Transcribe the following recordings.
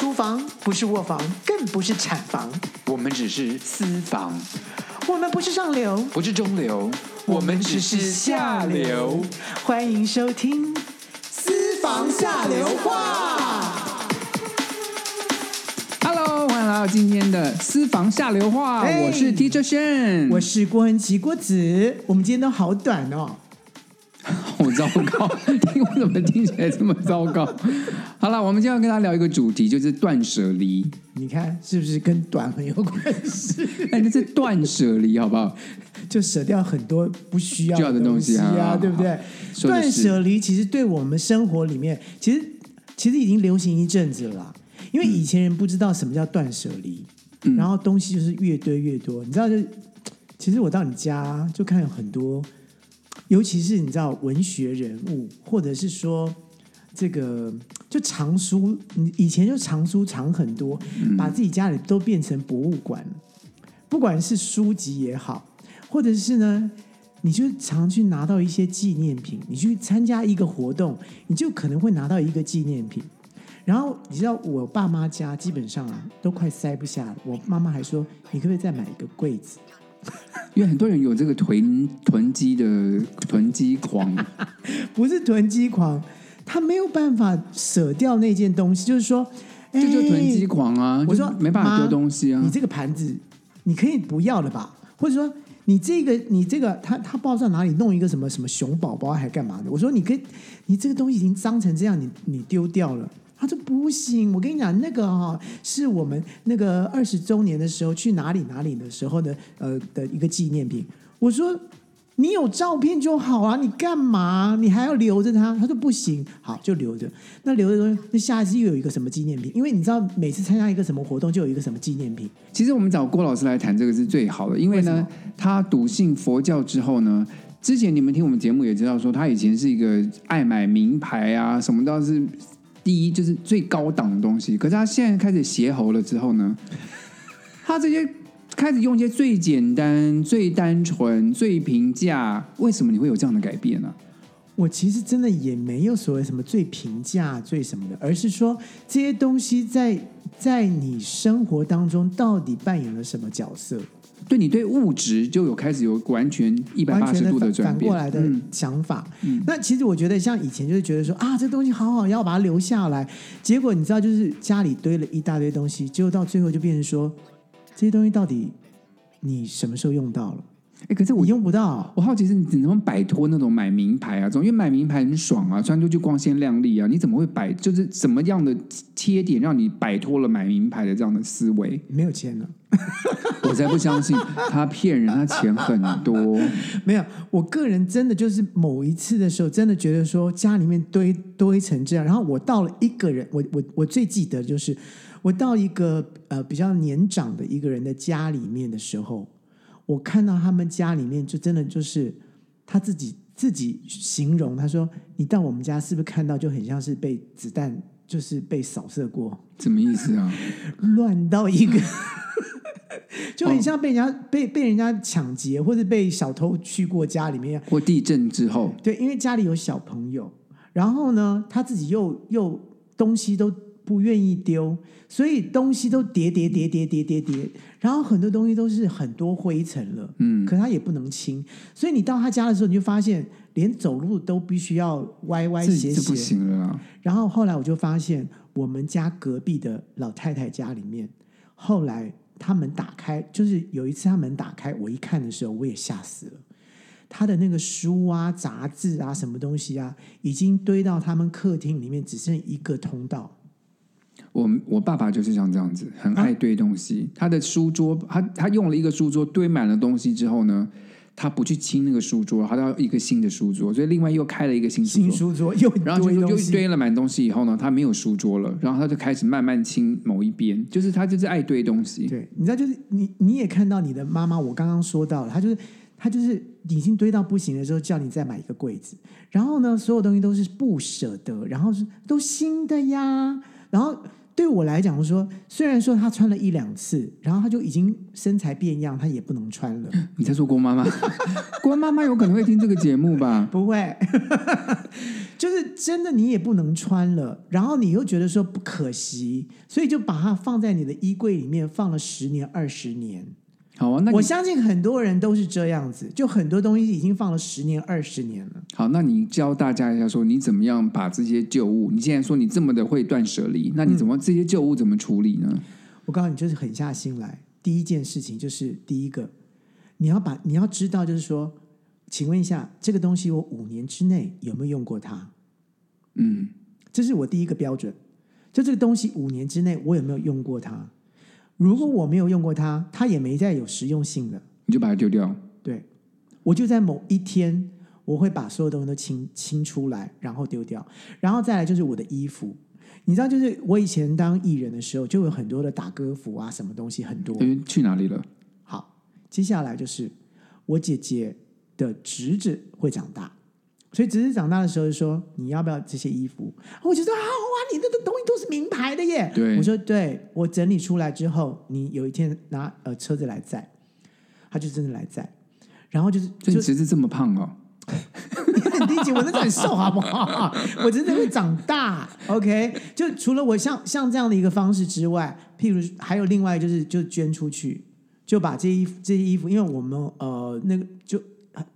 書房不是臥房，更不是產房，我們只是私房。我們不是上流，不是中流，我們只是下流。下流歡迎收聽私《私房下流話》。Hello，歡迎來到今天的《私房下流話》。Hey, 我是 Teacher。我是 Teacher Shen，我是郭蘅祈郭子。我們今天都好短哦。糟糕，聽我怎麼聽起來這麼糟糕？好了，我們今天要跟大家聊一個主題，就是斷捨離。你看是不是跟短很有關係？哎、欸，那是斷捨離，好不好？就捨掉很多不需要的東西啊，需要的東西啊啊對不對？斷捨離其實對我們生活裡面，其實其實已經流行一陣子了啦。因為以前人不知道什麼叫斷捨離，然後東西就是越堆越多。你知道就，就其實我到你家、啊、就看有很多。尤其是你知道文學人物，或者是說，這個就藏書，以前就藏書藏很多，嗯，把自己家裡都變成博物館。不管是書籍也好，或者是呢，你就常去拿到一些紀念品。你去參加一個活動，你就可能會拿到一個紀念品。然後你知道我爸媽家基本上啊，都快塞不下了。我媽媽還說，你可不可以再買一個櫃子？ 因為很多人有這個囤囤積的囤積狂， 不是囤積狂，他沒有辦法捨掉那件東西，就是說，這、哎、就囤積狂啊！我說沒辦法丟東西啊，啊你這個盤子你可以不要了吧，或者說你這個你這個他他不知道在哪裡弄一個什麼什麼熊寶寶還幹嘛的，我說你可以，你這個東西已經髒成這樣，你你丟掉了。他說：“不行，我跟你講，那個哈、哦、是我們那個二十週年的時候去哪裡哪裡的時候的呃的一個紀念品。”我說：“你有照片就好啊，你幹嘛、啊？你還要留着它？”他說：“不行，好，就留着。”那留着，那下一次又有一個什麼紀念品？因為你知道，每次參加一個什麼活動，就有一個什麼紀念品。其實我們找郭老師來談這個是最好的，因為呢，為他篤信佛教之後呢，之前你們聽我們節目也知道，說他以前是一個愛買名牌啊，什麼都是。第一就是最高檔的東西，可是他現在開始學佛了之後呢，他這些開始用一些最簡單、最單純、最平價，為什麼你會有這樣的改變呢？啊？我其實真的也沒有所謂什麼最平價、最什麼的，而是說這些東西在在你生活當中到底扮演了什麼角色？對，你對物質就有開始有完全一百八十度的轉變的反過來的想法，嗯，那其實我覺得像以前就是覺得說啊，這東西好好，要把它留下來。結果你知道，就是家裡堆了一大堆東西，結果到最後就變成說這些東西到底你什麼時候用到了？哎，可是我用不到。我好奇是你怎麼擺脫那種買名牌啊？總，因為買名牌很爽啊，穿出去光鮮亮麗啊。你怎麼會擺？就是什麼樣的貼點讓你擺脫了買名牌的這樣的思維？沒有錢了， 我才不相信他騙人， 他錢很多。沒有，我個人真的就是某一次的時候，真的覺得說家裡面堆堆成這樣，然後我到了一個人，我我我最記得就是我到一個呃比較年長的一個人的家裡面的時候。我看到他們家裡面，就真的就是他自己自己形容，他說：“你到我們家是不是看到就很像是被子彈就是被掃射過？什麼意思啊？ 亂到一個 就很像被人家、oh. 被被人家搶劫，或者被小偷去過家裡面，或地震之後。對，因為家裡有小朋友，然後呢，他自己又又東西都。”不願意丟，所以東西都疊疊，疊疊疊疊疊疊疊，然後很多東西都是很多灰塵了。嗯，可他也不能清，所以你到他家的時候，你就發現連走路都必須要歪歪斜斜，不行了啊，然後後來我就發現，我們家隔壁的老太太家裡面，後來他門打開，就是有一次他門打開，我一看的時候，我也嚇死了。他的那個書啊、雜誌啊、什麼東西啊，已經堆到他們客廳裡面，只剩一個通道。我我爸爸就是像這樣子，很愛堆東西。啊，他的書桌，他他用了一個書桌，堆滿了東西之後呢，他不去清那個書桌，他要一個新的書桌，所以另外又開了一個新書桌。新書桌又然後就又堆了滿東西以後呢，他沒有書桌了，然後他就開始慢慢清某一邊。就是他就是愛堆東西。對，你知道就是你你也看到你的媽媽，我剛剛說到了，她就是她就是已經堆到不行的時候，叫你再買一個櫃子。然後呢，所有東西都是不捨得，然後是都新的呀。然後對我來講，我說雖然說她穿了一兩次，然後她就已經身材變樣，她也不能穿了。你在說郭媽媽？郭 媽媽有可能會聽這個節目吧？不會，就是真的你也不能穿了。然後你又覺得說不可惜，所以就把它放在你的衣櫃裡面放了十年、二十年。好啊，那，我相信很多人都是這樣子，就很多東西已經放了十年、二十年了。好，那你教大家一下，說你怎麼樣把這些舊物？你既然說你這麼的會斷捨離，那你怎麼、嗯、這些舊物怎麼處理呢？我告訴你，就是狠下心來，第一件事情就是第一個，你要把你要知道，就是說，請問一下，這個東西我五年之內有沒有用過它？嗯，這是我第一個標準，就這個東西五年之內我有沒有用過它？如果我沒有用過它，它也沒再有實用性了，你就把它丟掉。對，我就在某一天，我會把所有的東西都清清出來，然後丟掉。然後再來就是我的衣服，你知道，就是我以前當藝人的時候，就有很多的打歌服啊，什麼東西很多。去哪裡了？好，接下來就是我姐姐的侄子會長大。所以侄子長大的時候就說：“你要不要這些衣服？”我就說：“好啊，哇你這這東西都是名牌的耶。對”我說：“對，我整理出來之後，你有一天拿呃車子來載，他就真的來載。然後就是，就你侄子這麼胖哦， 你很低級，我真的很瘦，好不好？ 我真的會長大。OK，就除了我像像這樣的一個方式之外，譬如還有另外就是就捐出去，就把這些衣服這些衣服，因為我們呃那個就。”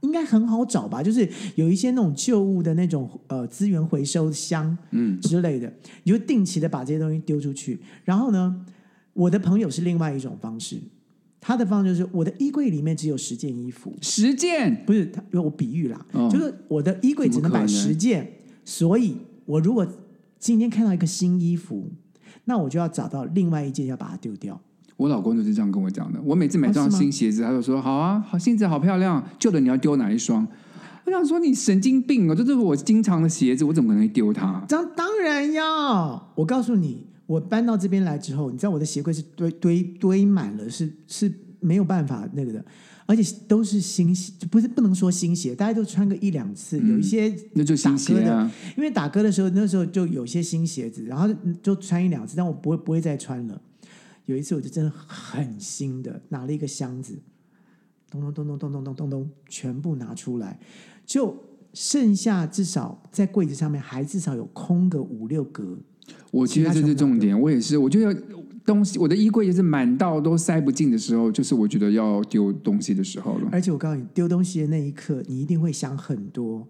應該很好找吧，就是有一些那種舊物的那種呃資源回收箱，嗯之類的，你、嗯、就定期的把這些東西丟出去。然後呢，我的朋友是另外一種方式，他的方式就是，我的衣櫃裡面只有十件衣服，十件不是他，因為我比喻啦、哦，就是我的衣櫃只能擺十件，所以我如果今天看到一個新衣服，那我就要找到另外一件要把它丟掉。我老公就是這樣跟我講的。我每次買這雙新鞋子、哦，他就說：“好啊，好鞋子好漂亮。”舊的你要丟哪一雙？我想說你神經病啊、哦！這是我經常的鞋子，我怎麼可能會丟它、啊？當當然要。我告訴你，我搬到這邊來之後，你知道我的鞋櫃是堆堆堆滿了，是是沒有辦法那個的，而且都是新鞋，不是不能說新鞋，大家都穿個一兩次，嗯、有一些那就新鞋的、啊，因為打歌的時候那時候就有些新鞋子，然後就穿一兩次，但我不會不會再穿了。有一次，我就真的很狠心的拿了一個箱子，咚咚，咚咚咚咚咚咚咚咚咚，全部拿出來，就剩下至少在櫃子上面還至少有空個五六格。我其實這是重點，我也是，我覺得東西，我的衣櫃就是滿到都塞不進的時候，就是我覺得要丟東西的時候了。而且我告訴你，丟東西的那一刻，你一定會想很多。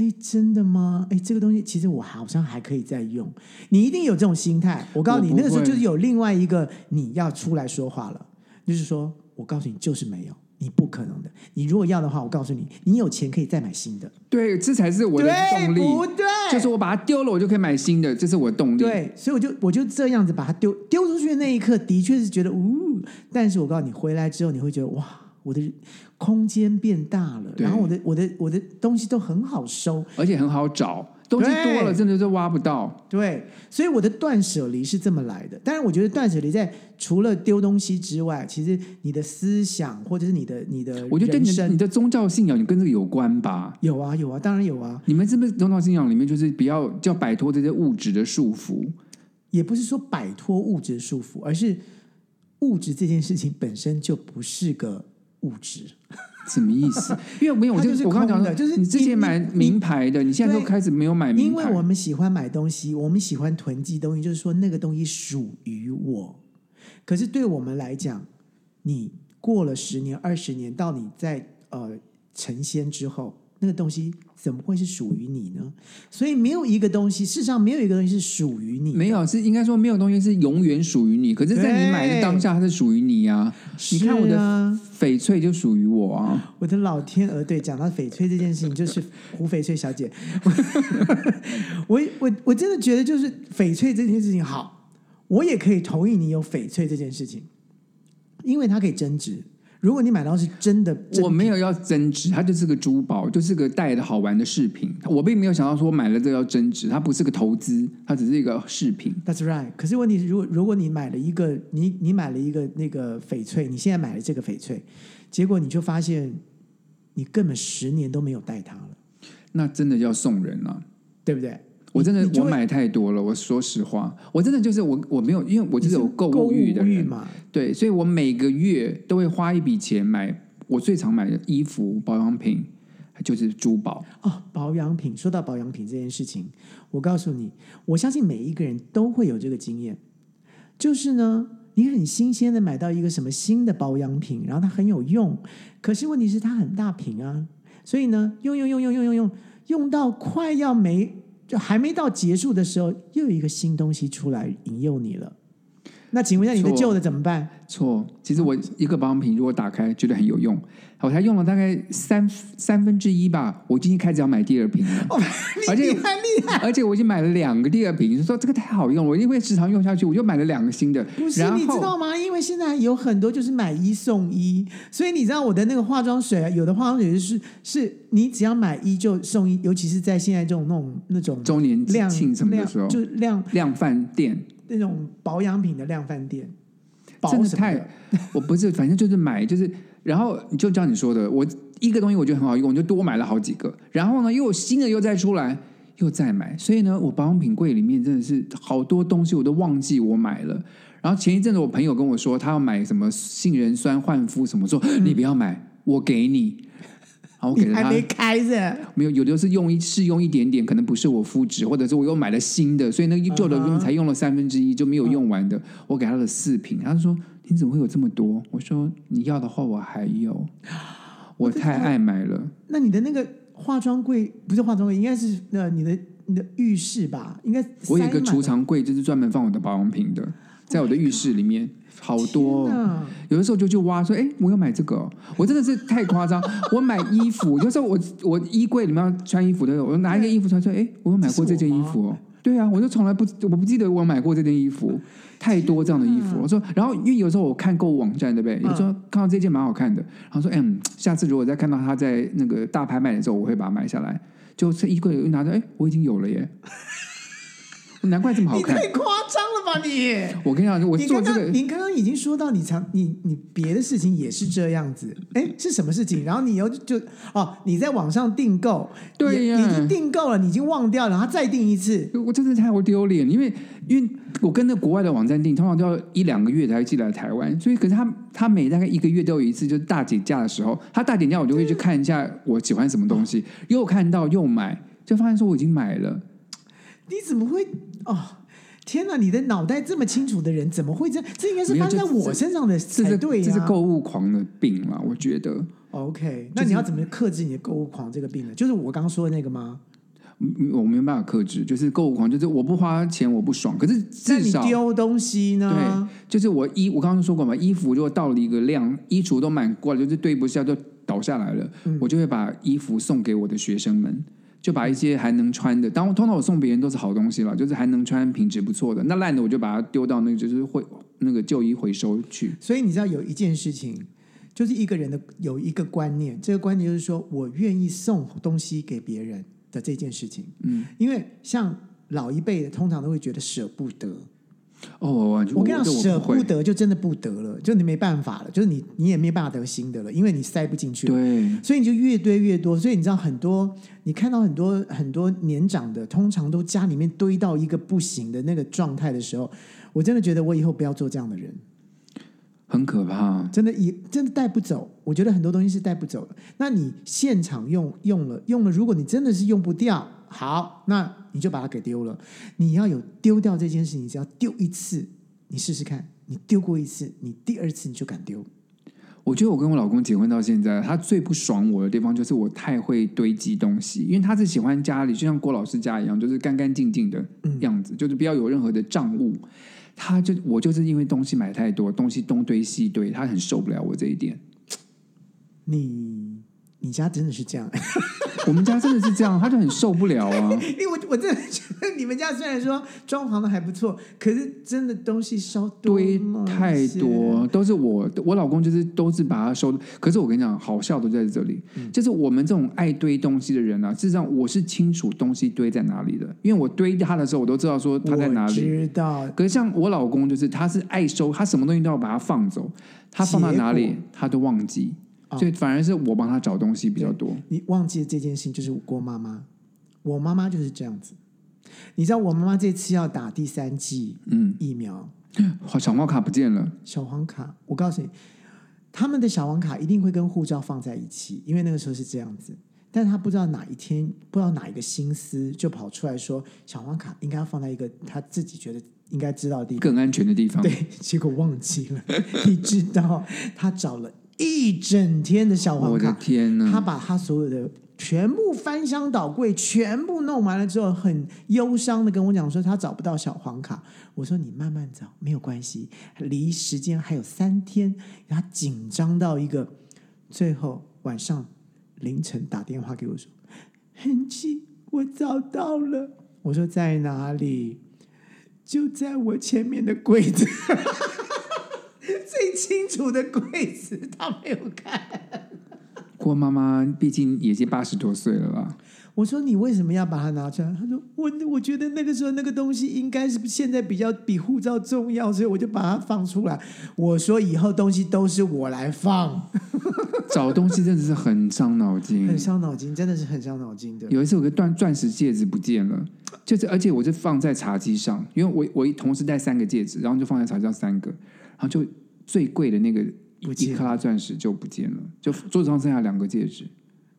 哎，真的嗎？哎，這個東西其實我好像還可以再用。你一定有這種心態。我告訴你，那個時候就是有另外一個你要出來說話了，就是說我告訴你，就是沒有，你不可能的。你如果要的話，我告訴你，你有錢可以再買新的。對，這才是我的動力。對不對，就是我把它丟了，我就可以買新的，這是我的動力。對，所以我就我就這樣子把它丟丟出去的那一刻，的確是覺得嗚、嗯。但是我告訴你，回來之後你會覺得哇。我的空間變大了，然後我的我的我的東西都很好收，而且很好找，啊、東西多了真的就挖不到。對，所以我的斷捨離是這麼來的。但是，我覺得斷捨離在除了丟東西之外，其實你的思想或者是你的你的，我覺得你的你的宗教信仰，你跟這個有關吧？有啊，有啊，當然有啊。你們是不是宗教信仰裡面就是比較，就要擺脫這些物質的束縛？也不是說擺脫物質束縛，而是物質這件事情本身就不是個。物質 什麼意思？因為沒有， 就是我剛講的，就是你之前買名牌的你你，你現在都開始沒有買名牌。因為我們喜歡買東西，我們喜歡囤積東西，就是說那個東西屬於我。可是對我們來講，你過了十年、二十年，到你在呃成仙之後。那個東西怎麼會是屬於你呢？所以沒有一個東西，世上沒有一個東西是屬於你的。沒有，是應該說沒有東西是永遠屬於你，可是，在你買的當下，它是屬於你啊，啊。你看我的翡翠就屬於我啊。我的老天鵝，對，講到翡翠這件事情，就是胡翡翠小姐， 我我我真的覺得就是翡翠這件事情好，我也可以同意你有翡翠這件事情，因為它可以增值。如果你買到是真的，我沒有要增值，它就是個珠寶，就是個戴的好玩的飾品。我並沒有想到說買了這個要增值，它不是個投資，它只是一個飾品。That's right。可是問題是，如果如果你買了一個，你你買了一個那個翡翠，你現在買了這個翡翠，結果你就發現你根本十年都沒有戴它了，那真的要送人了啊，對不對？我真的我買太多了，我說實話，我真的就是我我沒有，因為我就是有購物慾的人，慾嘛，對，所以我每個月都會花一筆錢買我最常買的衣服、保養品，就是珠寶哦。保養品說到保養品這件事情，我告訴你，我相信每一個人都會有這個經驗，就是呢，你很新鮮的買到一個什麼新的保養品，然後它很有用，可是問題是它很大瓶啊，所以呢，用用用用用用用，用到快要沒。就還沒到結束的時候，又有一個新東西出來引誘你了。那請問一下，你的舊的怎麼辦？錯，其實我一個保養品如果打開，覺得很有用。我才用了大概三三分之一吧，我今天開始要買第二瓶、oh,，而且很厲害，而且我已經買了兩個第二瓶，你說這個太好用了，我因為會時常用下去，我就買了兩個新的。不是你知道嗎？因為現在有很多就是買一送一，所以你知道我的那個化妝水啊，有的化妝水就是是你只要買一就送一，尤其是在現在這種那種那種週年慶什麼的時候，就是量量販店那種保養品的量販店，保的真的太 我不是，反正就是買就是。然後就像你說的，我一個東西我覺得很好用，我就多買了好幾個。然後呢，又有新的又再出來，又再買。所以呢，我保養品櫃裡面真的是好多東西，我都忘記我買了。然後前一陣子我朋友跟我說，他要買什麼杏仁酸換膚什麼，說，嗯，說你不要買，我給你。然後我給了他，還沒開着？沒有，有的是用一試用一點點，可能不是我膚質，或者是我又買了新的，所以那、uh -huh. 舊的才用了三分之一就沒有用完的，uh -huh. 我給他的四瓶，他就說。你怎麼會有這麼多？我說你要的話，我還有，我太愛買了。哦，那你的那個化妝櫃不是化妝櫃，應該是那你的你的浴室吧？應該我有一個儲藏櫃，就是專門放我的保養品的，在我的浴室裡面好多哦。有的時候我就去挖，說哎，我要買這個哦。我真的是太誇張。 我買衣服，有時候我我衣櫃裡面穿衣服都有。我拿一件衣服穿，說哎，我有買過這件衣服哦。對啊，我就從來不，我不記得我買過這件衣服，太多這樣的衣服我說，然後因為有時候我看購物網站，對不對？有時候看到這件蠻好看的，然後說，嗯、哎，下次如果再看到他在那個大拍賣的時候，我會把它買下來。就這衣櫃我就拿著，哎，我已經有了耶。 難怪這麼好看！你太誇張了吧！你，我跟你講，我覺得你，你剛剛已經說到你常你你別的事情也是這樣子，哎，是什麼事情？然後你又就哦，你在網上訂購，對呀你，你已經訂購了，你已經忘掉了，然後再訂一次，我真的太丟臉了，因為因為我跟那國外的網站訂，通常都要一兩個月才會寄來台灣，所以可是他他每大概一個月都有一次，就是大減價的時候，他大減價我就會去看一下我喜歡什麼東西，又看到又買，就發現說我已經買了。你怎麼會哦？天哪！你的腦袋這麼清楚的人，怎麼會這樣？這應該是發在我身上的對、啊就是對這，這是購物狂的病了，我覺得。OK，、就是、那你要怎麼克制你的購物狂這個病呢？就是我剛剛說的那個嗎？我沒，我沒辦法克制，就是購物狂，就是我不花錢我不爽。可是至少你丟東西呢？對，就是我衣我剛剛說過嘛，衣服如果到了一個量，衣櫥都滿過了，就是堆不下就倒下來了、嗯，我就會把衣服送給我的學生們。就把一些還能穿的，當我通常我送別人都是好東西了，就是還能穿，品質不錯的，那爛的我就把它丟到那個就是會，那個舊衣回收去。所以你知道有一件事情，就是一個人的有一個觀念，這個觀念就是說我願意送東西給別人的這件事情。嗯，因為像老一輩的通常都會覺得捨不得。哦、oh，我我跟你講，捨不得就真的不得了，就你沒辦法了，就是你你也沒辦法得新的了，因為你塞不進去。對，所以你就越堆越多。所以你知道很多，你看到很多很多年長的，通常都家裡面堆到一個不行的那個狀態的時候，我真的覺得我以後不要做這樣的人，很可怕。真的也，一真的帶不走。我覺得很多東西是帶不走的。那你現場用用了用了，用了如果你真的是用不掉。好，那你就把它給丟了。你要有丟掉這件事，你只要丟一次，你試試看。你丟過一次，你第二次你就敢丟。我覺得我跟我老公結婚到現在，他最不爽我的地方就是我太會堆積東西，因為他是喜歡家裡，就像郭老師家一樣，就是乾乾淨淨的樣子，嗯，就是不要有任何的賬務。他就我就是因為東西買太多，東西東堆西堆，他很受不了我這一點。你你家真的是這樣？ 我們家真的是這樣，他就很受不了啊！因為我我真的覺得你們家雖然說裝潢的還不錯，可是真的東西收堆太多，都是我我老公就是都是把它收。可是我跟你講，好笑都在這裡，就是我們這種愛堆東西的人啊，事實上我是清楚東西堆在哪裡的，因為我堆他的時候，我都知道說他在哪裡。我可是像我老公就是他是愛收，他什麼東西都要把它放走，他放到哪裡他都忘記。所以反而是我幫他找東西比較多。Oh，你忘記這件事情就是郭媽媽，我媽媽就是這樣子。你知道我媽媽這次要打第三劑嗯疫苗嗯，小黃卡不見了。小黃卡，我告訴你，他們的小黃卡一定會跟護照放在一起，因為那個時候是這樣子。但他不知道哪一天，不知道哪一個心思，就跑出來說小黃卡應該放在一個他自己覺得應該知道的地方，更安全的地方。對，結果忘記了， 你知道他找了。一整天的小黃卡，天吶、啊，他把他所有的全部翻箱倒櫃，全部弄完了之後，很憂傷的跟我講說他找不到小黃卡。我說你慢慢找，沒有關係，離時間還有三天。他緊張到一個，最後晚上凌晨打電話給我，說：“蘅祈，我找到了。”我說：“在哪裡？”就在我前面的櫃子。 最清楚的櫃子，他沒有看。郭媽媽畢竟已經八十多歲了啦。我說：“你為什麼要把它拿出來？”他說：“我我覺得那個時候那個東西應該是現在比較比護照重要，所以我就把它放出來。”我說：“以後東西都是我來放。”找東西真的是很傷腦筋，很傷腦筋，真的是很傷腦筋的。有一次，我的鑽鑽石戒指不見了，就是而且我是放在茶幾上，因為我我同時戴三個戒指，然後就放在茶幾上三個，然後就。最貴的那個一克拉鑽石就不見了，就桌子上剩下兩個戒指。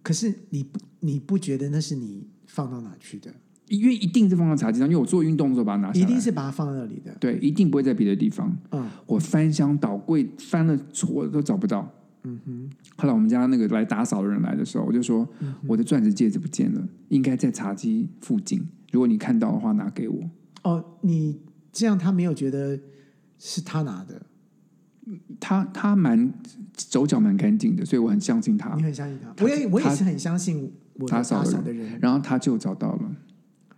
可是你不，你不覺得那是你放到哪去的因為一定是放到茶幾上，因為我做運動的時候把它拿下來，一定是把它放在那裡的。對，一定不會在別的地方。嗯，我翻箱倒櫃翻了，我都找不到。嗯哼。後來我們家那個來打掃的人來的時候，我就說我的鑽石戒指不見了，應該在茶几附近。如果你看到的話，拿給我。哦，你這樣，他沒有覺得是他拿的？他他蠻手腳蠻乾淨的，所以我很相信他。你很相信他，他，我也我也是很相信我打掃的人。然後他就找到了，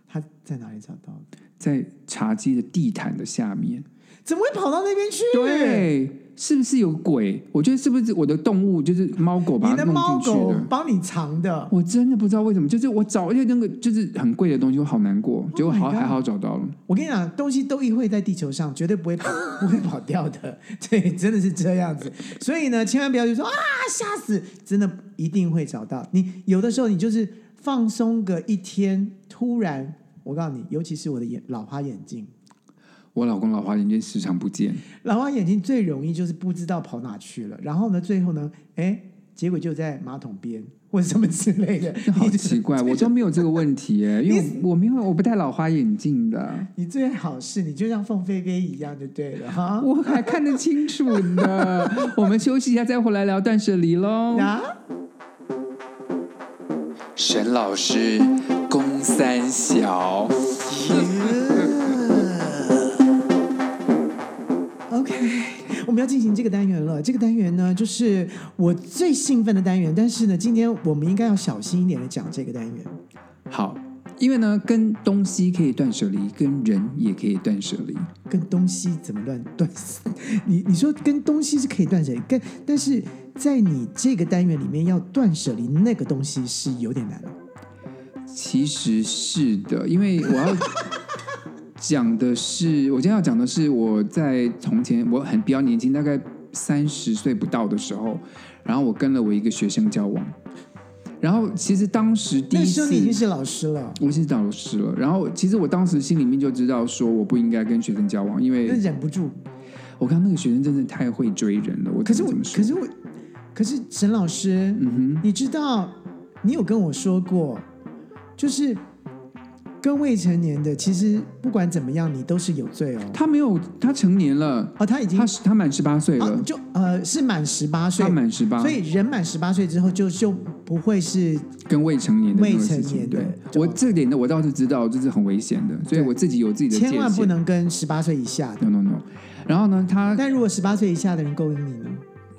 他在哪裡找到的？在茶几的地毯的下面。怎麼會跑到那邊去？對。是不是有鬼？我覺得是不是我的動物，就是貓狗吧？你的貓狗，幫你藏的。我真的不知道為什麼，就是我找一些那個就是很貴的東西，我好難過，oh、結果好還好找到了。我跟你講，東西都一會在地球上，絕對不會跑 不會跑掉的。對，真的是這樣子。 所以呢，千萬不要就說啊，嚇死！真的一定會找到你。有的時候你就是放鬆個一天，突然我告訴你，尤其是我的眼老花眼鏡。我老公老花眼鏡時常不見，老花眼鏡最容易就是不知道跑哪去了，然後呢，最後呢，哎，結果就在馬桶邊或者什麼之類的，好奇怪，我都沒有這個問題耶，哎， 因為我因為我不戴老花眼鏡的，你，你最好是你就像鳳飛飛一樣就對了哈，我還看得清楚呢。 我們休息一下再回來聊斷捨離嘍。沈老師，公三小。 我們要進行這個單元了。這個單元呢，就是我最興奮的單元。但是呢，今天我們應該要小心一點的講這個單元。好，因為呢，跟東西可以斷捨離，跟人也可以斷捨離。跟東西怎麼亂斷捨？你你說跟東西是可以斷捨離，跟但是在你這個單元裡面要斷捨離那個東西是有點難。其實是的，因為我要。 講的是，我今天要講的是我在從前，我很比較年輕，大概三十歲不到的時候，然後我跟了我一個學生交往，然後其實當時第一時候你已經是老師了，我已經是老師了。然後其實我當時心裡面就知道說我不應該跟學生交往，因為忍不住。我看那個學生真的太會追人了。我可是我，我怎麼這麼說？可是我可是沈老師。嗯哼，你知道，你有跟我說過，就是。跟未成年的，其實不管怎麼樣，你都是有罪哦。他沒有，他成年了。哦，他已經他他滿十八歲了，啊、就呃是滿十八歲，他滿十八歲，所以人滿十八歲之後就就不會是跟未成年的、這個、未成年。對，我這點呢，我倒是知道，這是很危險的，所以我自己有自己的千萬不能跟十八歲以下的。no no no。然後呢，他但如果十八歲以下的人勾引你呢，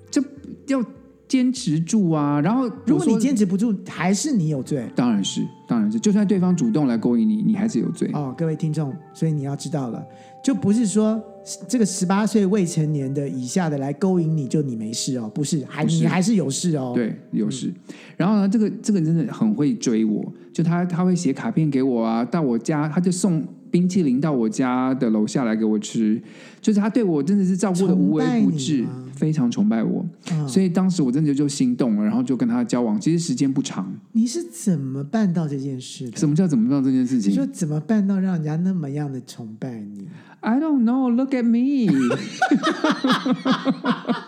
就要堅持住啊。然後如果你堅持不住，還是你有罪，當然是。當然是就算對方主動來勾引你，你還是有罪哦，各位聽眾。所以你要知道了，就不是說這個十八歲未成年的以下的來勾引你就你沒事哦，不是，還你還是有事哦，對，有事。嗯、然後呢，這個這個人真的很會追我，就他他會寫卡片給我啊，到我家他就送冰淇淋到我家的樓下來給我吃，就是他對我真的是照顧的無微不至。非常崇拜我、哦，所以當時我真的就心動了，然後就跟他交往。其實時間不長。你是怎麼辦到這件事的？什麼叫怎麼辦到這件事情？你說怎麼辦到讓人家那麼樣的崇拜你？I don't know. Look at me.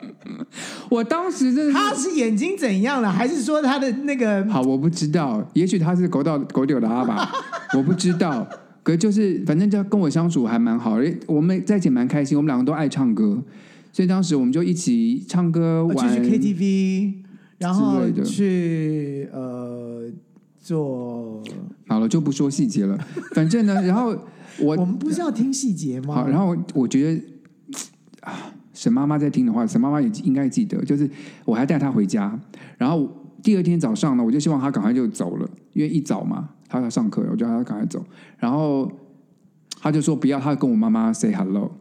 我當時真是，他是眼睛怎樣了？還是說他的那個？好，我不知道。也許他是狗到狗丟的阿爸， 我不知道。 就是，反正就跟我相處還蠻好，我們在一起蠻開心。我們兩個都愛唱歌，所以當時我們就一起唱歌玩，去、去 KTV，然後去呃做。好了，就不說細節了。反正呢，然後我， 我們不是要聽細節嗎？好，然後我覺得啊，沈媽媽在聽的話，沈媽媽也應該記得。就是我還帶她回家，然後第二天早上呢，我就希望她趕快就走了，因為一早嘛。他要上課，我叫他趕快走，然後他就說不要，他跟我媽媽 say hello，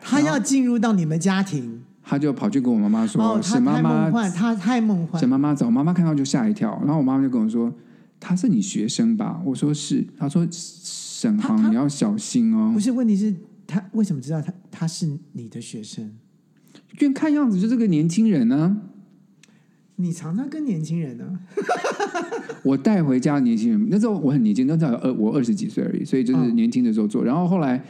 他要進入到你們家庭，他就跑去跟我媽媽說，哦夢，沈媽媽，他太夢幻，沈媽媽，走，媽媽看到就嚇一跳，然後我媽媽就跟我說，他是你學生吧？我說是，他說沈航你要小心哦，不是問題是他為什麼知道他他是你的學生？就看樣子就這個年輕人呢，啊。你常常跟年輕人呢、啊？ 我帶回家年輕人，那時候我很年輕，那時候我二我二十幾歲而已，所以就是年輕的時候做、哦。然後後來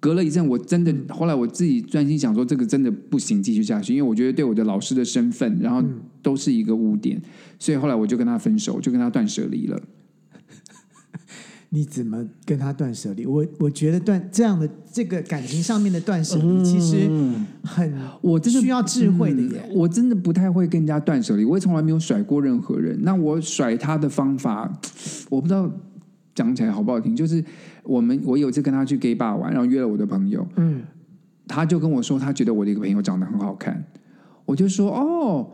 隔了一陣，我真的、嗯、後來我自己專心想說，這個真的不行繼續下去，因為我覺得對我的老師的身份，然後都是一個污點、嗯，所以後來我就跟他分手，就跟他斷舍離了。你怎麼跟他斷捨離？我我覺得斷這樣的這個感情上面的斷捨離，其實很我真的需要智慧的，我的、嗯。我真的不太會跟人家斷捨離，我也從來沒有甩過任何人。那我甩他的方法，我不知道講起來好不好聽。就是我們我有次跟他去 gay bar 玩，然後約了我的朋友，嗯，他就跟我說他覺得我的一個朋友長得很好看，我就說哦，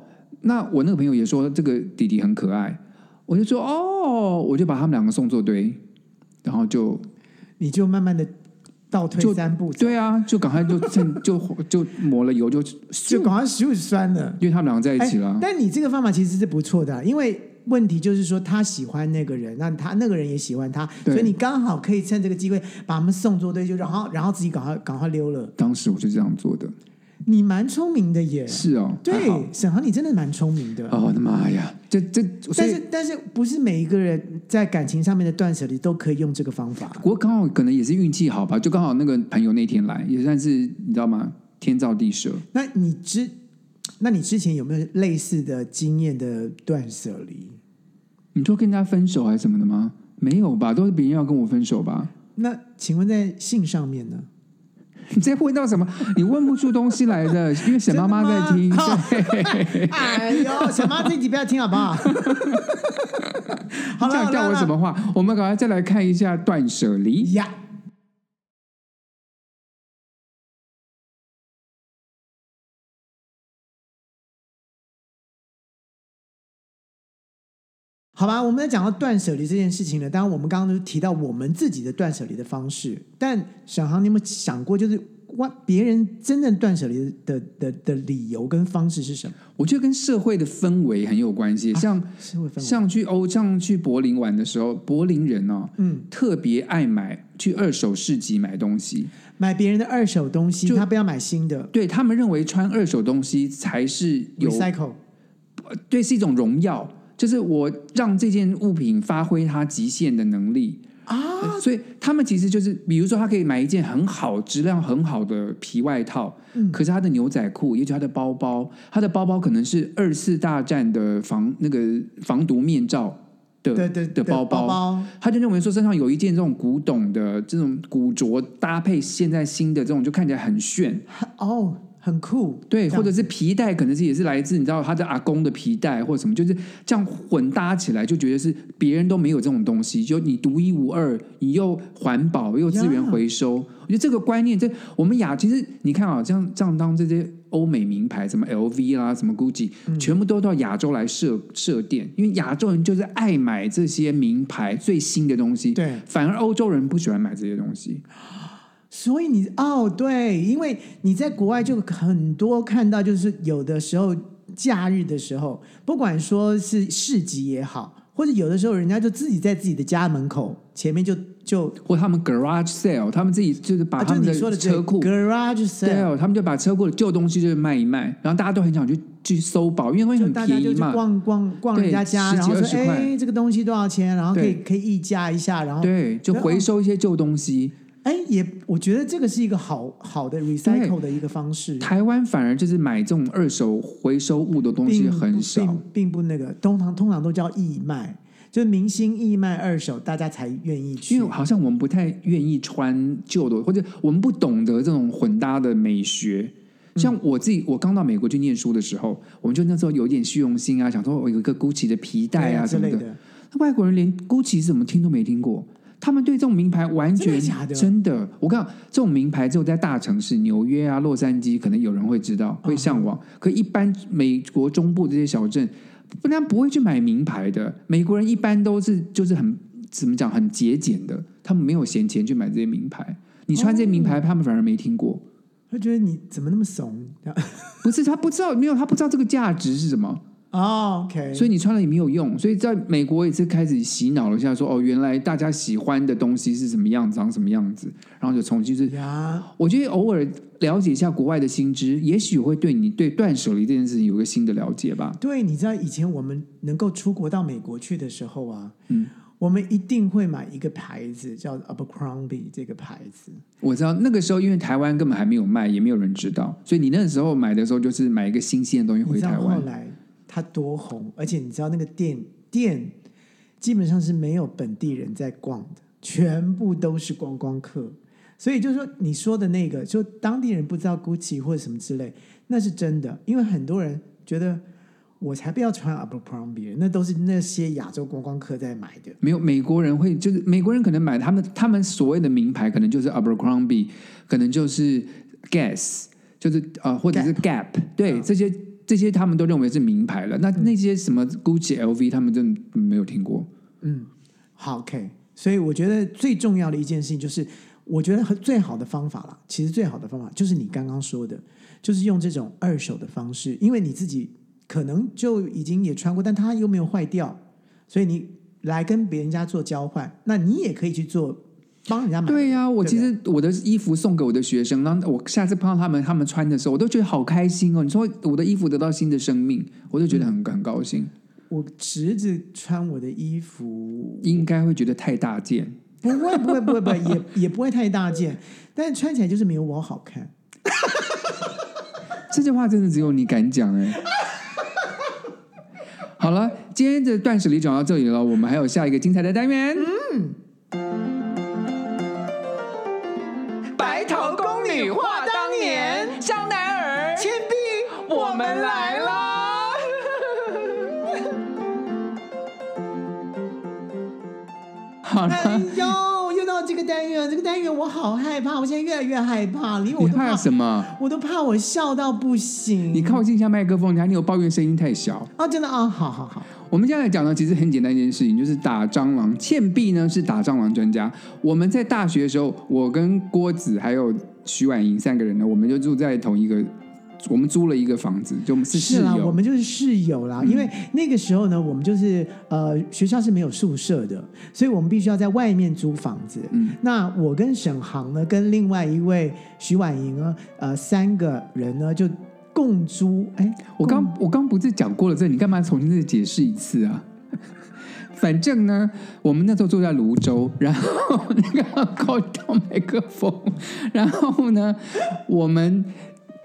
那我那個朋友也說這個弟弟很可愛，我就說哦，我就把他們兩個送做堆。然後就，你就慢慢的倒退三步，對啊，就趕快就趁就 就抹了油就就趕快就會酸了，因為他們兩個在一起了，啊欸。但你這個方法其實是不錯的，因為問題就是說他喜歡那個人，那他，那個人也喜歡他，所以你剛好可以趁這個機會把他們送作對，就然後然後自己趕快趕快溜了。當時我是這樣做的。你蠻聰明的，耶，是哦。對，沈航，你真的蠻聰明的、啊。哦、oh，我的媽呀！這這，但是但是，不是每一個人在感情上面的斷捨離都可以用這個方法。我剛好可能也是運氣好吧，就剛好那個朋友那天來，也算是你知道嗎？天造地設。那你之那你之前有沒有類似的經驗的斷捨離？你說跟人家分手還是什麼的嗎？沒有吧，都是別人要跟我分手吧。那請問在性上面呢？你直接問到什麼？你問不出東西來的， 因為沈媽媽在聽。對 哎呦，沈媽自己不要聽好不好？ 這樣叫我怎麼話？我們趕快再來看一下斷捨離呀。Yeah. 好吧，我們在講到斷捨離這件事情呢。當然，我們剛剛都提到我們自己的斷捨離的方式。但小航，你有沒有想過，就是外別人真正斷捨離的的的，的理由跟方式是什麼？我覺得跟社會的氛圍很有關係。像、啊、像去歐、哦，像去柏林玩的時候，柏林人哦，嗯，特別愛買去二手市集買東西，買別人的二手東西，就他不要買新的。對他們認為穿二手東西才是 recycle。對，是一種榮耀。就是我讓這件物品發揮它極限的能力啊、呃！所以他們其實就是，比如說，他可以買一件很好、質量很好的皮外套，嗯、可是他的牛仔褲，尤其他的包包，他的包包可能是二次大戰的防那個防毒面罩的，的，的，的包包，他就認為說身上有一件這種古董的這種古着搭配現在新的這種，就看起來很炫哦。很酷，對，或者是皮帶可能是也是來自你知道他的阿公的皮帶或什麼，就是這樣混搭起來，就覺得是別人都沒有這種東西，就你獨一無二，你又環保又資源回收。我覺得這個觀念在我們亞，其實你看啊，這樣這樣當這些歐美名牌什麼 LV 啦，什麼 GUCCI，全部都到亞洲來設、嗯、設店，因為亞洲人就是愛買這些名牌最新的東西，對，反而歐洲人不喜歡買這些東西。所以你哦對，因為你在國外就很多看到，就是有的時候假日的時候，不管說是市集也好，或者有的時候人家就自己在自己的家門口前面就就，或他們 garage sale，他們自己就是把他們的車庫、啊就是、的車庫 garage sale，、哦、他們就把車庫的舊東西就是賣一賣，然後大家都很想去去搜寶，因為會很便宜嘛，逛逛逛人家家，然後說哎這個東西多少錢，然後可以可以議價一下，然後對就回收一些舊東西。哎，也，我覺得這個是一個好好的 recycle 的一個方式。台灣反而就是買這種二手回收物的東西很少，並不，並並不那個，通常通常都叫義賣，嗯，就是明星義賣二手，大家才願意去。因為好像我們不太願意穿舊的，或者我們不懂得這種混搭的美學。嗯、像我自己，我剛到美國去念書的時候，我們就那時候有點虛榮心啊，想說我有一個 Gucci 的皮帶啊什麼的。外國人連 Gucci 是怎麼聽都沒聽過。他們對這種名牌完全，真的？假的？真的。我跟你講這種名牌只有在大城市，紐約啊、洛杉磯，可能有人會知道，會上網。哦、可一般美國中部這些小鎮，人家不會去買名牌的。美國人一般都是就是很怎麼講，很節儉的。他們沒有閒錢去買這些名牌。你穿這些名牌、哦，他們反而沒聽過，他覺得你怎麼那麼慫？ 不是他不知道，沒有他不知道這個價值是什麼。哦、oh,，OK，所以你穿了也沒有用，所以在美國也是開始洗腦了一下說，說哦，原來大家喜歡的東西是什麼樣子，長什麼樣子，然後就從就是，yeah. 我覺得偶爾了解一下國外的新知，也許會對你對斷舍離這件事情有個新的了解吧。對，你知道以前我們能夠出國到美國去的時候啊，嗯、我們一定會買一個牌子叫 Abercrombie 這個牌子，我知道那個時候因為台灣根本還沒有賣，也沒有人知道，所以你那個時候買的時候就是買一個新鮮的東西回台灣它多紅，而且你知道那個店店基本上是沒有本地人在逛的，全部都是觀光客。所以就是說，你說的那個，就當地人不知道 Gucci 或者什麼之類，那是真的，因為很多人覺得我才不要穿 Abercrombie，那都是那些亞洲觀光客在買的。沒有美國人會，就是美國人可能買他們他們所謂的名牌，可能就是 Abercrombie，可能就是 Guess，就是啊、呃，或者是 Gap，Gap 對、嗯、這些。這些他們都認為是名牌了，那那些什麼 Gucci、LV，他們真的沒有聽過。嗯，好，OK。所以我覺得最重要的一件事情就是，我覺得最好的方法了。其實最好的方法就是你剛剛說的，就是用這種二手的方式，因為你自己可能就已經也穿過，但它又沒有壞掉，所以你來跟別人家做交換，那你也可以去做。幫人家買。對呀、啊，我其實我的衣服送給我的學生，然後我下次碰到他們，他們穿的時候，我都覺得好開心哦。你說我的衣服得到新的生命，我就覺得很、嗯、很高興。我侄子穿我的衣服，應該會覺得太大件。不會，不會，不會，不會 也也不會太大件，但穿起來就是沒有我好看。 這句話真的只有你敢講哎。 好了，今天的斷捨離講到這裡了，我們還有下一個精彩的單元。嗯哎呦，又到這個單元，這個單元我好害怕，我現在越來越害怕，連我都怕。你怕什麼？我都怕我笑到不行。你靠近一下麥克風，你看你有抱怨聲音太小。哦，真的啊，哦，好好好。我們現在來講呢，其實很簡單一件事情，就是打蟑螂。倩碧呢是打蟑螂專家。我們在大學的時候，我跟郭子還有徐婉瑩三個人呢，我們就住在同一個。我們租了一個房子，就我們是室友。是啊、我們就是室友啦、嗯。因為那個時候呢，我們就是呃，學校是沒有宿舍的，所以我們必須要在外面租房子。嗯，那我跟沈航呢，跟另外一位徐婉瑩啊，呃，三個人呢就共租。哎，我剛我剛不是講過了這，你幹嘛重新再解釋一次啊？反正呢，我們那時候住在蘆洲，然後那個高檔麥克風， 然後呢，我們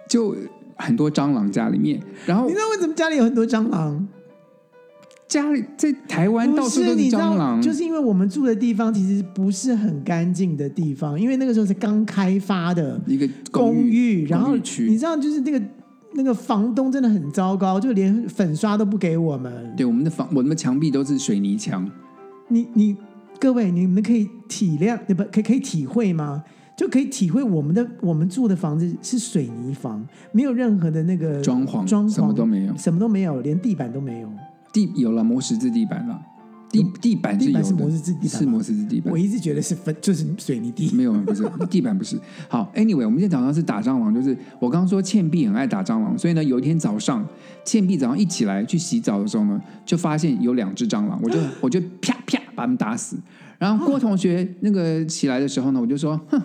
就。很多蟑螂家裡面，然後你知道為什麼家裡有很多蟑螂？家裡在台灣到處都是蟑螂。你知道，就是因為我們住的地方其實不是很乾淨的地方，因為那個時候是剛開發的一個公寓、公寓，然後你知道，就是那個那個房東真的很糟糕，就連粉刷都不給我們。對，我們的房，我們的牆壁都是水泥牆。你你各位，你們可以體諒，對不可以可以體會嗎？就可以體會我們的，我們住的房子是水泥房，沒有任何的那個裝潢，裝潢什麼都沒有，什麼都沒有，連地板都沒有。地有了磨石子地板了，地地板是有的，是磨石子地板。我一直覺得是粉，就是水泥地，沒有，不是地板，不是。 好，anyway，我們今天早上是打蟑螂，就是我剛剛說倩碧很愛打蟑螂，所以呢，有一天早上倩碧早上一起來去洗澡的時候呢，就發現有兩只蟑螂，我就， 我，就我就啪啪，啪把他們打死。然後郭同學 那個起來的時候呢，我就說，哼。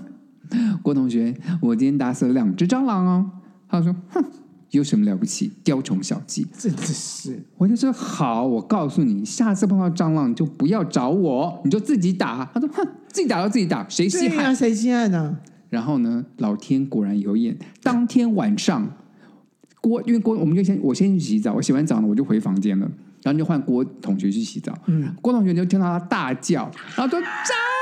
郭同學，我今天打死了兩隻蟑螂哦。他說：“哼，有什麼了不起？雕蟲小技。”真的是。我就說：“好，我告訴你，下次碰到蟑螂就不要找我，你就自己打。”他說：“哼，自己打就自己打，誰稀罕、啊、誰稀罕呢？”然後呢，老天果然有眼。當天晚上，嗯、郭因為郭我們就先我先去洗澡，我洗完澡了我就回房間了，然後就換郭同學去洗澡。嗯，郭同學就聽到他大叫，然後就蟑、嗯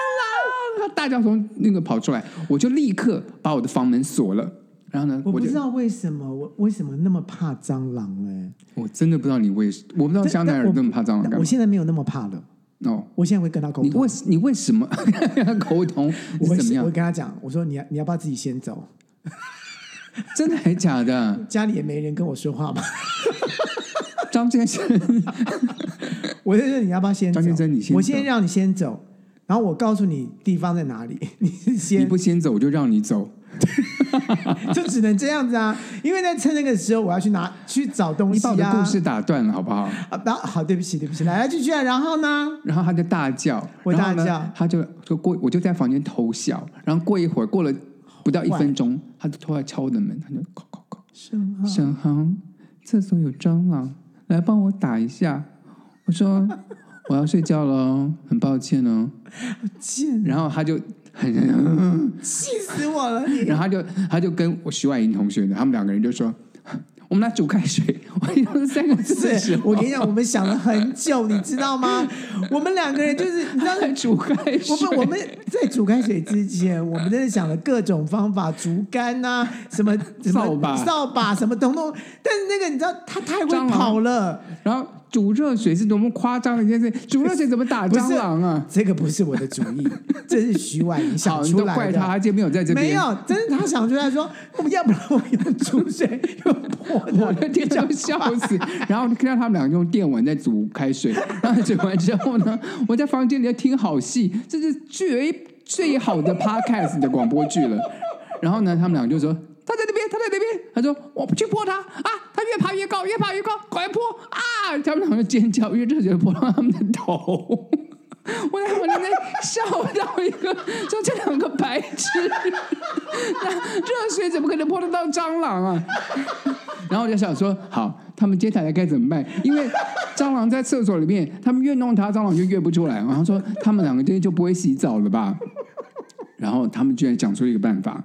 他大叫，從那個跑出來，我就立刻把我的房門鎖了。然後呢，我不知道為什麼我為什麼那麼怕蟑螂呢？我真的不知道你為，我不知道香奈兒那麼怕蟑螂我。我現在沒有那麼怕了哦，我現在會跟他溝通。你為，你為什麼跟他溝通是怎麼樣？我會，我會跟他講，我說你要你要不要自己先走？ 真的還是假的？ 家裡也沒人跟我說話嗎？張 先生， 我就說你要不要先？張先生，你先，我先讓你先走。然後我告訴你地方在哪裡，你先你不先走我就讓你走。 就只能這樣子啊！因為在趁那個時候，我要去拿去找東西、啊。你把我的故事打斷了，好不好？啊，好，對不起，對不起，來來去去、啊。然後呢？然後他就大叫，我大叫，他就就過，我就在房間偷笑。然後過一會兒，過了不到一分鐘，他就突然敲我的門，他就敲敲敲，沈恆，沈恆，廁所有蟑螂，來幫我打一下。我說。 我要睡覺了哦，很抱歉哦。好賤。然後他就很 氣死我了，然後他就他就跟我徐婉瑩同學他們兩個人就說：“我們來煮開水。 ”我跟你講， 我們想了很久， 你知道嗎？ 我們兩個人就是你知道煮開水， 我們我們在煮開水之前，我們真的想了各種方法，竹竿吶，什麼掃把掃把什麼等等，但是那個你知道他太會跑了，然後。煮熱水是多麼誇張的一件事！煮熱水怎麼打蟑螂啊？這個不是我的主意， 這是徐婉想出來的。你都怪他，他今天沒有在這邊。沒有，真的，他想出來說，要不然我用煮水，又破我的電，天，笑，我笑死！然後看到他們倆用電碗在煮開水，然後煮完之後呢， 我在房間裡要聽好戲，這是最最好的 podcast 的廣播劇了。 然後呢，他們倆就說。他在那邊，他在那邊，他說：“我不去潑他啊！他越爬越高，越爬越高，快潑啊！”他們兩個尖叫，越熱水就潑到他們的頭。 我在我我在笑到一個，就這兩個白痴。那熱水怎麼可能潑得到蟑螂啊？然後我就想說，好，他們接下來該怎麼辦？因為蟑螂在廁所裡面，他們越弄它，蟑螂就越，越不出來。然後他說他們兩個今天就不會洗澡了吧？然後他們居然想出一個辦法，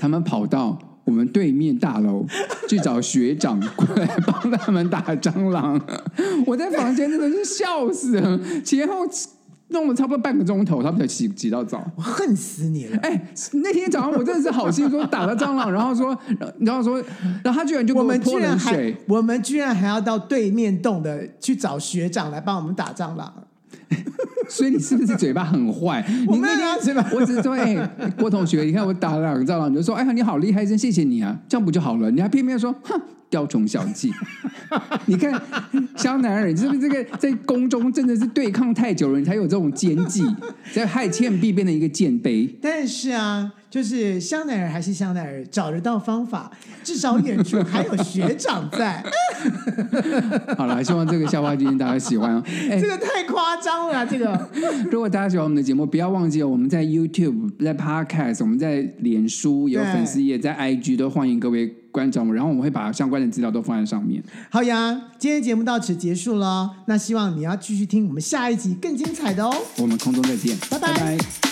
他們跑到，我們對面大樓去找學長過來幫他們打蟑螂，我在房間真的是笑死了，前後弄了差不多半個鐘頭，他們才洗洗到澡。哎，我恨死你了！哎，那天早上我真的是好心說打了蟑螂然，然後說，然後說，然後他居然就跟我們潑冷水。我們居然還我們居然還要到對面棟的去找學長來幫我們打蟑螂。所以你是不是嘴巴很壞？ 你那個牙齒我只是說，哎，郭同學，你看我打了兩個蟑螂，你就說，哎呀，你好厲害，真謝謝你啊，這樣不就好了？你還偏偏說，哼。雕蟲小技， 你看 香奈兒，你是不是這個在宮中真的是對抗太久了，你才有這種奸計，在害倩碧變成一個賤婢， 但是啊，就是香奈兒還是香奈兒，找得到方法，至少演出還有學長在。 好了，希望這個笑話今天大家喜歡，哦。欸、 這個太誇張了，啊，這個。 如果大家喜歡我們的節目，不要忘記我們在 YouTube，在 Podcast，我們在臉書有粉絲頁在 IG 都歡迎各位。觀眾們，然後我們會把相關的資料都放在上面。好呀，今天節目到此結束了，那希望你要繼續聽我們下一集更精彩的哦。我們空中再見，拜拜。Bye bye